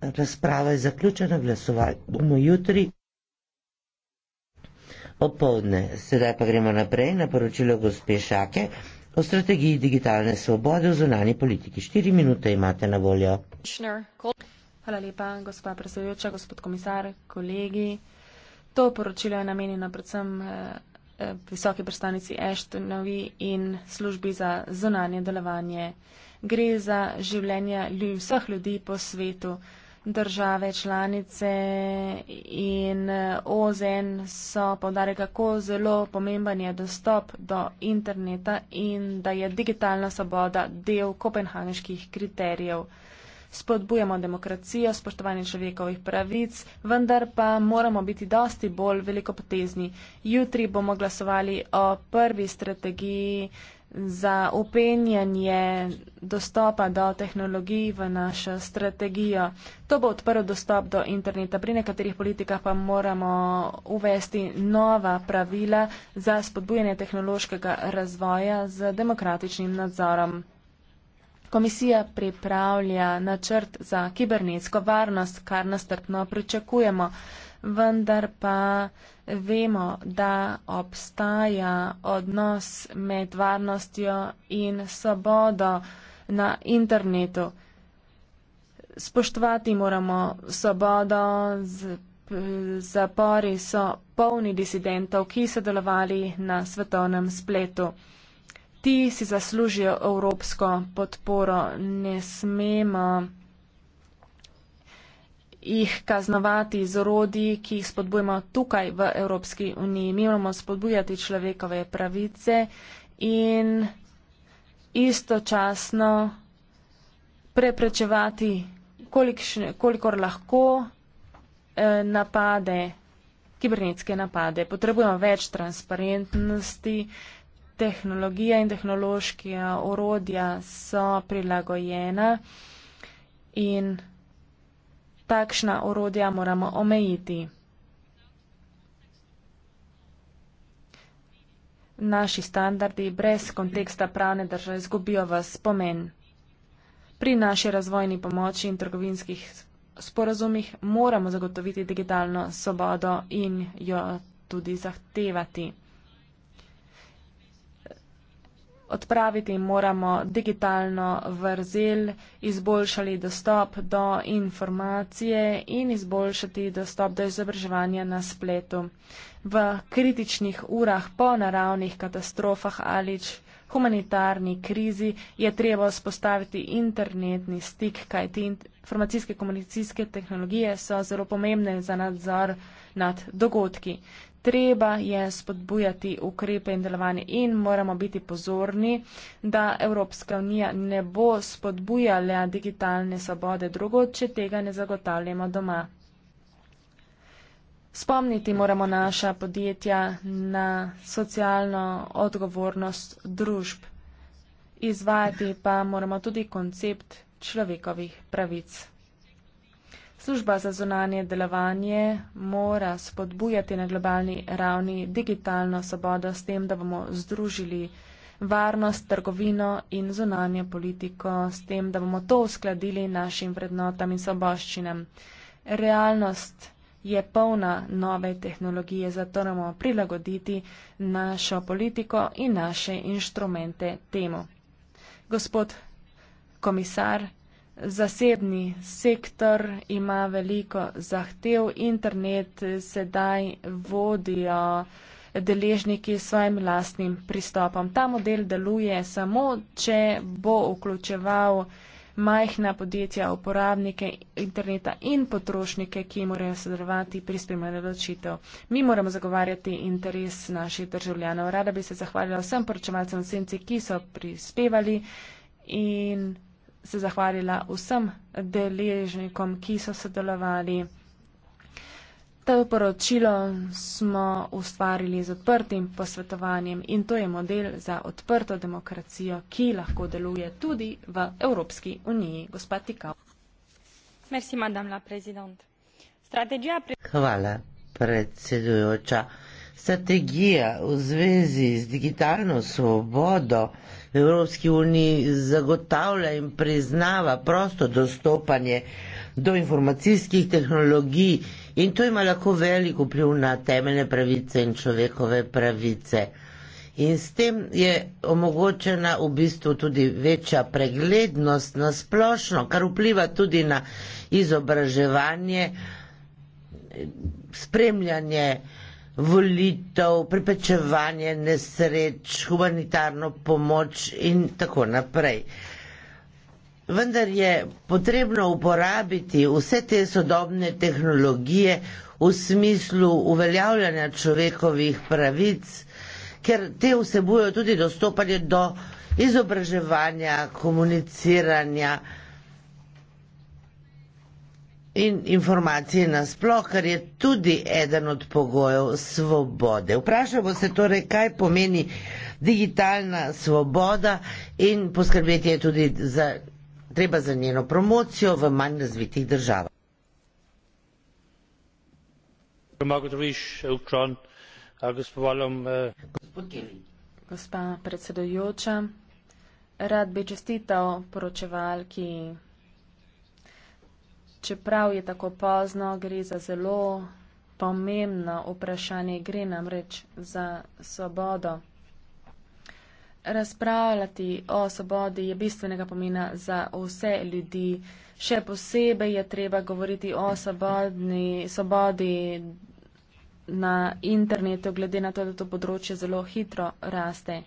Razprava je zaključena, glasovali bomo jutri opovdne. Sedaj pa gremo naprej na poročilo gospe Šake o strategiji digitalne svobode v zonani politiki. Štiri minute imate na voljo. Hvala lepa, gospa predsedujoča, gospod komisar, kolegi. To poročilo je namenjeno predvsem. Eh, visoke predstavnici Ashtonovi in službi za zunanje delovanje. Gre za življenja ljudi, vseh ljudi po svetu, države, članice in OZN so povdarjali, kako zelo pomemben je dostop do interneta in da je digitalna svoboda del kopenhageških kriterijev spodbujamo demokracijo, spoštovanje človekovih pravic, vendar pa moramo biti dosti bolj velikopotezni. Jutri bomo glasovali o prvi strategiji za upenjanje dostopa do tehnologij v našo strategijo. To bo odprl dostop do interneta. Pri nekaterih politikah pa moramo uvesti nova pravila za spodbujanje tehnološkega razvoja z demokratičnim nadzorom. Komisija pripravlja načrt za kibernetsko varnost, kar nastrpno pričakujemo, vendar pa vemo, da obstaja odnos med varnostjo in svobodo na internetu. Spoštovati moramo svobodo, zapori so polni disidentov, ki so delovali na svetovnem spletu ti si zaslužijo evropsko podporo, ne smemo jih kaznovati z rodi, ki jih spodbujamo tukaj v Evropski uniji. Mi moramo spodbujati človekove pravice in istočasno preprečevati, kolikor lahko, eh, napade, kibernetske napade. Potrebujemo več transparentnosti, tehnologija in tehnološki orodja so prilagojena in takšna orodja moramo omejiti. Naši standardi brez konteksta pravne države izgubijo v spomen. Pri naši razvojni pomoči in trgovinskih sporazumih moramo zagotoviti digitalno svobodo in jo tudi zahtevati odpraviti moramo digitalno vrzel, izboljšali dostop do informacije in izboljšati dostop do izobraževanja na spletu. V kritičnih urah po naravnih katastrofah ali humanitarni krizi je treba spostaviti internetni stik, kajti informacijske komunicijske tehnologije so zelo pomembne za nadzor nad dogodki. Treba je spodbujati ukrepe in delovanje in moramo biti pozorni, da Evropska unija ne bo spodbujala digitalne svobode drugo, če tega ne zagotavljamo doma. Spomniti moramo naša podjetja na socialno odgovornost družb. Izvajati pa moramo tudi koncept človekovih pravic. Služba za zunanje delovanje mora spodbujati na globalni ravni digitalno svobodo s tem, da bomo združili varnost, trgovino in zunanje politiko, s tem, da bomo to uskladili našim vrednotam in svoboščinam. Realnost je polna nove tehnologije, zato moramo prilagoditi našo politiko in naše inštrumente temu. Gospod komisar, zasebni sektor ima veliko zahtev, internet sedaj vodijo deležniki s svojim lastnim pristopom. Ta model deluje samo, če bo vključeval majhna podjetja, uporabnike interneta in potrošnike, ki morajo sodelovati pri spremljanju odločitev. Mi moramo zagovarjati interes naših državljanov. Rada bi se zahvalila vsem poročevalcem v senci, ki so prispevali in se zahvalila vsem deležnikom, ki so sodelovali. To poročilo smo ustvarili z odprtim posvetovanjem in to je model za odprto demokracijo, ki lahko deluje tudi v Evropski uniji. Gospa Tikal. Merci, madame la president. Strategija pri... Hvala, predsedujoča strategija v zvezi z digitalno svobodo v Evropski uniji zagotavlja in priznava prosto dostopanje do informacijskih tehnologij in to ima lahko velik vpliv na temeljne pravice in človekove pravice. In s tem je omogočena v bistvu tudi večja preglednost na splošno, kar vpliva tudi na izobraževanje, spremljanje, volitev, preprečevanje nesreč, humanitarno pomoč in tako naprej. Vendar je potrebno uporabiti vse te sodobne tehnologije v smislu uveljavljanja človekovih pravic, ker te vsebujejo tudi dostopanje do izobraževanja, komuniciranja, in informacije nasploh, kar je tudi eden od pogojev svobode. Vprašamo se torej, kaj pomeni digitalna svoboda in poskrbeti je tudi za, treba za njeno promocijo v manj razvitih državah. Eh, Gospa predsedujoča, rad bi čestital poročevalki čeprav je tako pozno, gre za zelo pomembno vprašanje, gre namreč za svobodo. Razpravljati o svobodi je bistvenega pomena za vse ljudi. Še posebej je treba govoriti o svobodni, svobodi na internetu, glede na to, da to področje zelo hitro raste.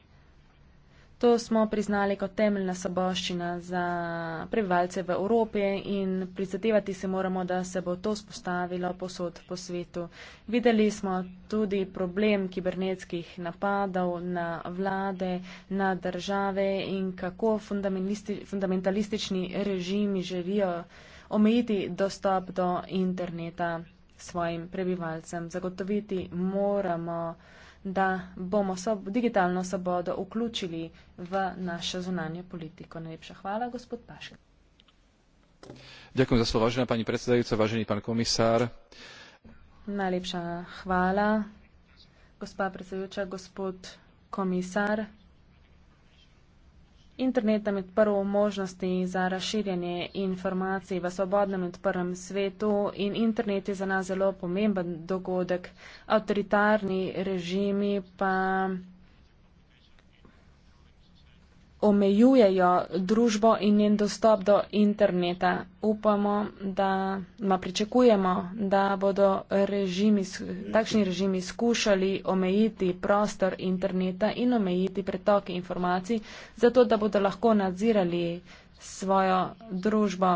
To smo priznali kot temeljna soboščina za prebivalce v Evropi in prizadevati se moramo, da se bo to spostavilo posod po svetu. Videli smo tudi problem kibernetskih napadov na vlade, na države in kako fundamentalistični režimi želijo omejiti dostop do interneta svojim prebivalcem. Zagotoviti moramo, da bomo sob digitalno sobodo vključili v našo zunanjo politiko. Najlepša hvala, gospod Paše. Ďakujem za slovo, vážená pani predsedajúca, vážený pán komisár. Najlepša hvala, gospa predsedajúca, gospod komisár. Internet nam je odprl možnosti za razširjanje informacij v svobodnem in odprtem svetu in internet je za nas zelo pomemben dogodek. Avtoritarni režimi pa omejujejo družbo in njen dostop do interneta. Upamo, da, ma pričakujemo, da bodo režimi, takšni režimi skušali omejiti prostor interneta in omejiti pretoke informacij, zato da bodo lahko nadzirali svojo družbo.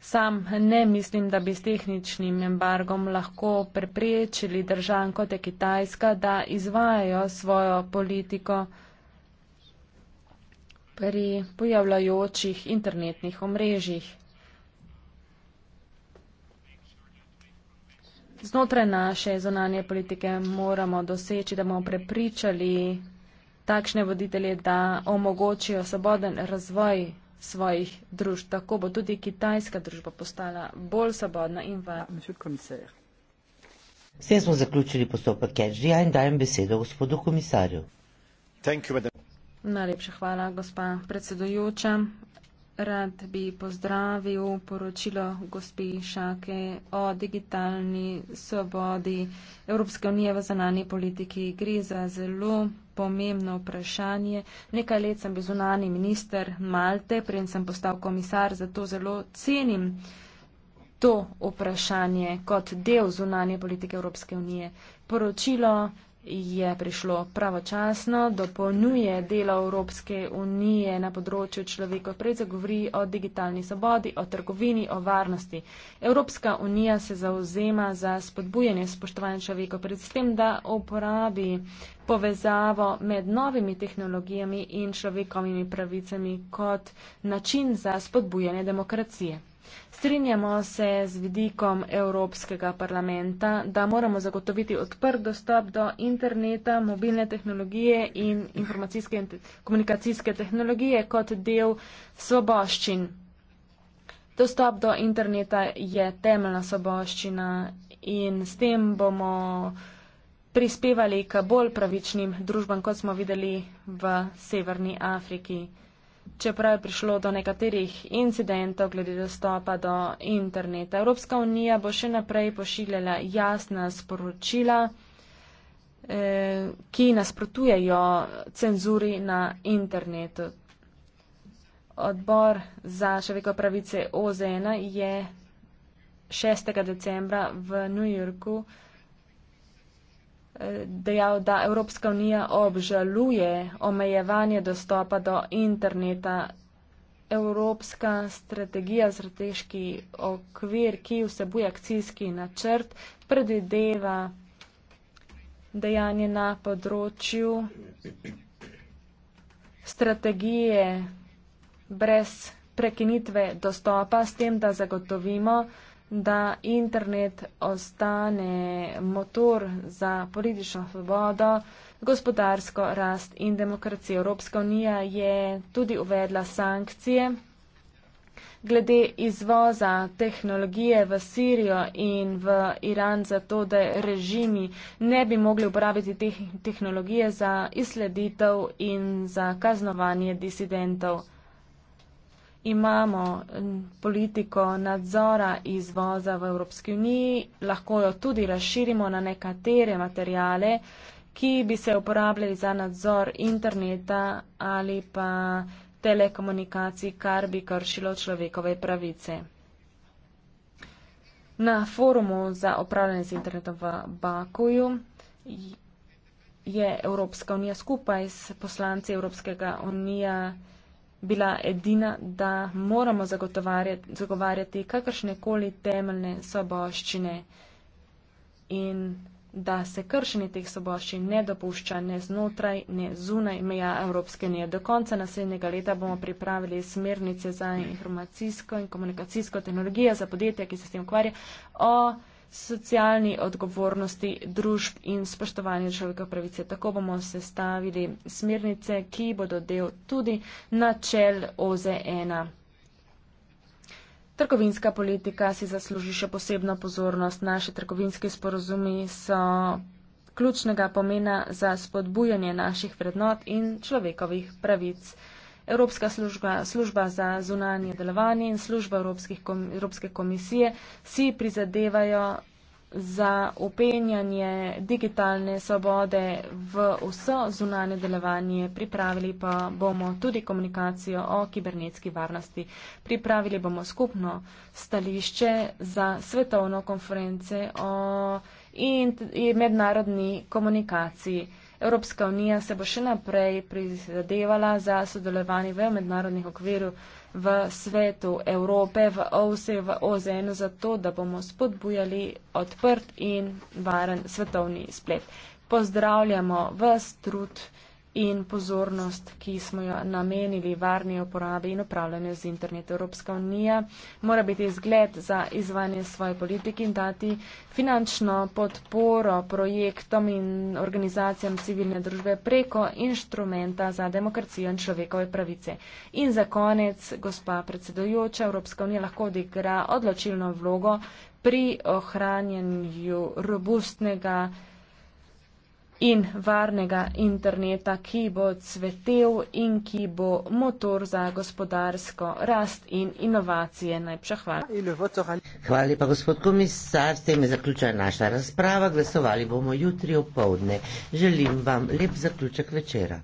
Sam ne mislim, da bi s tehničnim embargom lahko preprečili državam kot je Kitajska, da izvajajo svojo politiko pri pojavljajočih internetnih omrežjih. Znotraj naše zonanje politike moramo doseči, da bomo prepričali takšne voditelje, da omogočijo svoboden razvoj svojih družb. Tako bo tudi kitajska družba postala bolj svobodna in varna. Ja, S tem smo zaključili postopek Kedžija in dajem besedo gospodu komisarju. Najlepša hvala, gospa predsedujoča. Rad bi pozdravil poročilo gospe Šake o digitalni svobodi Evropske unije v zanani politiki. Gre za zelo pomembno vprašanje. Nekaj let sem bil zunani minister Malte, prej sem postal komisar, zato zelo cenim to vprašanje kot del zunanje politike Evropske unije. Poročilo je prišlo pravočasno, dopolnjuje delo Evropske unije na področju človekov, predzagovori o digitalni svobodi, o trgovini, o varnosti. Evropska unija se zauzema za spodbujanje spoštovanja človekov, predvsem, da uporabi povezavo med novimi tehnologijami in človekovimi pravicami kot način za spodbujanje demokracije. Strinjamo se z vidikom Evropskega parlamenta, da moramo zagotoviti odprt dostop do interneta, mobilne tehnologije in informacijske in te komunikacijske tehnologije kot del svoboščin. Dostop do interneta je temeljna svoboščina in s tem bomo prispevali k bolj pravičnim družbam, kot smo videli v Severni Afriki čeprav je prišlo do nekaterih incidentov glede dostopa do interneta. Evropska unija bo še naprej pošiljala jasna sporočila, eh, ki nasprotujejo cenzuri na internetu. Odbor za človekove pravice OZN je 6. decembra v New Yorku dejal, da Evropska unija obžaluje omejevanje dostopa do interneta. Evropska strategija, strateški okvir, ki vsebuje akcijski načrt, predvideva dejanje na področju strategije brez prekinitve dostopa, s tem, da zagotovimo, da internet ostane motor za politično svobodo, gospodarsko rast in demokracijo. Evropska unija je tudi uvedla sankcije glede izvoza tehnologije v Sirijo in v Iran zato, da režimi ne bi mogli uporabiti te tehnologije za izsleditev in za kaznovanje disidentov imamo mm, politiko nadzora izvoza v Evropski uniji, lahko jo tudi razširimo na nekatere materijale, ki bi se uporabljali za nadzor interneta ali pa telekomunikacij, kar bi kršilo človekove pravice. Na forumu za upravljanje z internetom v Bakuju je Evropska unija skupaj s poslanci Evropskega unija bila edina, da moramo zagovarjati kakršne koli temeljne soboščine in da se kršenje teh soboščin ne dopušča ne znotraj, ne zunaj meja Evropske unije. Do konca naslednjega leta bomo pripravili smernice za informacijsko in komunikacijsko tehnologijo za podjetja, ki se s tem ukvarjajo socialni odgovornosti družb in spoštovanju človeka pravice. Tako bomo sestavili smernice, ki bodo del tudi načel OZN. Trgovinska politika si zasluži še posebno pozornost. Naše trgovinske sporozumi so ključnega pomena za spodbujanje naših vrednot in človekovih pravic. Evropska služba, služba za zunanje delovanje in služba kom, Evropske komisije si prizadevajo za upenjanje digitalne svobode v vso zunanje delovanje. Pripravili pa bomo tudi komunikacijo o kibernetski varnosti. Pripravili bomo skupno stališče za svetovno konference o in, in mednarodni komunikaciji. Evropska unija se bo še naprej prizadevala za sodelovanje v mednarodnih okviru v svetu Evrope, v OSE, v OZN, zato da bomo spodbujali odprt in varen svetovni splet. Pozdravljamo vas, trud in pozornost, ki smo jo namenili varni uporabi in upravljanju z internetom. Evropska unija mora biti zgled za izvanje svoje politike in dati finančno podporo projektom in organizacijam civilne družbe preko inštrumenta za demokracijo in človekove pravice. In za konec, gospa predsedojoča, Evropska unija lahko odigra odločilno vlogo pri ohranjanju robustnega in varnega interneta, ki bo cvetel in ki bo motor za gospodarsko rast in inovacije. Najprej hvala. Hvala lepa, gospod komisar. S tem je zaključena naša razprava. Glasovali bomo jutri opovdne. Želim vam lep zaključek večera.